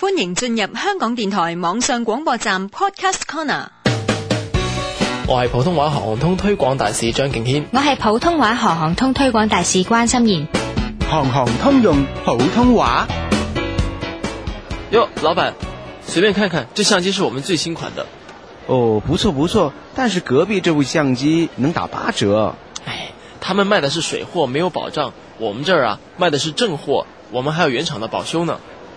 歡迎進入香港電台網上廣播站 Podcast Corner。我係普通話行行通推廣大使張敬軒，我係普通話行行通推廣大使關心妍。行行通用普通話。喲，老闆，隨便看看，這相機是我們最新款的。哦，oh，不錯不錯，但是隔壁這部相機能打八折。哎，他們賣的是水貨，沒有保障。我們這兒啊，賣的是正貨，我們還有原廠的保修呢。